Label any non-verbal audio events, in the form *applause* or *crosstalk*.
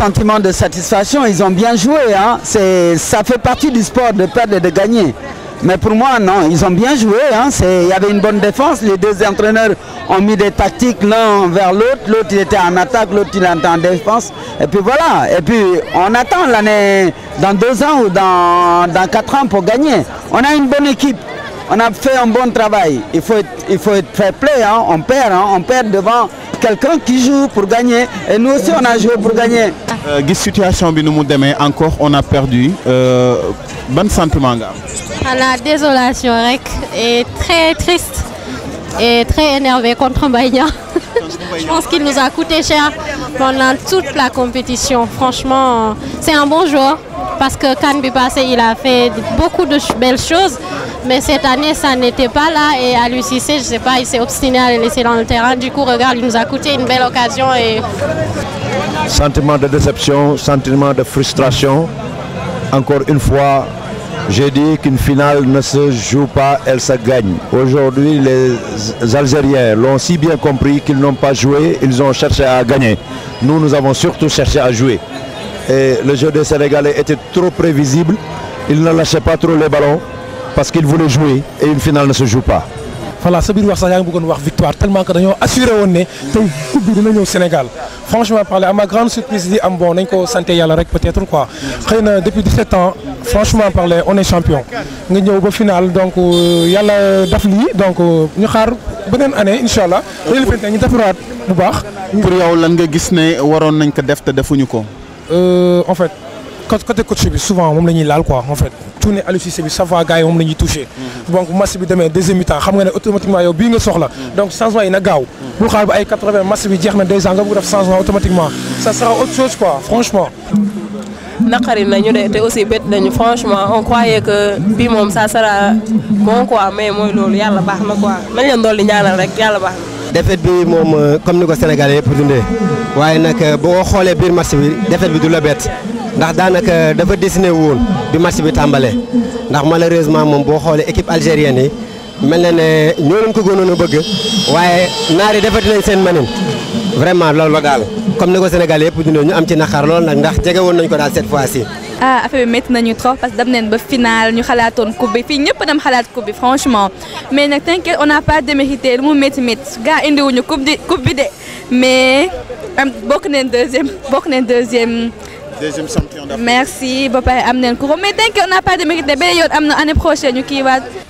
sentiment de satisfaction. Ils ont bien joué. Hein. Ça fait partie du sport de perdre de gagner. Mais pour moi, non, ils ont bien joué. Hein. une bonne défense. Les deux entraîneurs ont mis des tactiques l'un vers l'autre. l'année, dans deux ans ou dans, quatre ans pour gagner. On a une bonne équipe on a fait un bon travail. Il faut être, play, on perd devant quelqu'un qui joue pour gagner. Et nous aussi, on a joué pour gagner. Euh, gis situation bi nu mu demee encore on a perdu euh, ban sentiment nga am. xanaa ah, désolation rek et très triste et très énervé contre Mbaye *laughs* Je pense qu'il nous a coûté cher pendant toute la compétition. Franchement, c'est un bon parce que Cannes bi passé, il a fait beaucoup de belles choses, mais cette année, ça n'était pas là et à lui Cissé, je sais pas, il s'est obstiné à laisser dans le terrain. Du coup, regarde, il nous a coûté une belle occasion et sentiment de déception, sentiment de frustration. Encore une fois, j'ai dit qu'une finale ne se joue pas, elle se gagne. Aujourd'hui, les Algériens l'ont si bien compris qu'ils n'ont pas joué, ils ont cherché à gagner. Nous, nous avons surtout cherché à jouer. Et le jeu des Sénégalais était trop prévisible. Ils ne lâchaient pas trop les ballons parce qu'ils voulaient jouer et une finale ne se joue pas. voilà sa biir wax sax yaa ngi bëggoon wax victoire tellement que dañoo assuré woon ne tey coupe bi dina Sénégal franchement parler à grande surprise di am bon nañ ko santé yàlla rek peut-être quoi xëy na depuis ans franchement parler on est champion nga ñëw ba final donc euh, yàlla euh, daf lii donc euh, ñu xaar beneen année incha allah lélifinte ñu defaraat bu baax pour yow lan nga gis ne waroon nañ ko def te defuñu ko en fait côté coach bi souvent moom la ñuy laal quoi en fait cuune Aliou Cissé bi savoir gars yi moom la ñuy touché donc match bi demee deuxième mi-temps xam nga ne automatiquement yow bii nga soxla donc changement yi na gaaw bu xaar ba ay 80 bi jeex na déjà nga bëgg def changement automatiquement ça sera autre chose nañu de te aussi bett nañu franchement on croyait que bii moom ça sera bon quoi mooy loolu yàlla baax na quoi nañ leen dolli ñaanal rek yàlla baax na. défaite bi moom euh, comme ni ko Sénégalais yëpp dundee waaye nag euh, boo xoolee biir match bi défaite bi du la bett. ndax daanaka dafa dessiné woon bi match bi tàmbalee ndax malheureusement moom boo xoolee équipe algérienne yi mel na ne ñoo leen ko gënoon a bëgg waaye naar yi defati nañ seen manin vraiment loolu la daal comme ni ko Sénégal yëpp dundee ñu am ci naqar lool nag ndax jege woon nañ ko daal cette fois ci. ah affaire bi métti nañu trop parce que ba final ñu xalaatoon coupe bi fii ñëpp xalaat coupe bi franchement mais nag t'inquiète on n'a pas démérité lu mu métti métti gaa indiwuñu coupe di coupe bi de mais bokk neen deuxième champion d'Afrique. merci ba pare am neen ko mais thank you on de mérite ba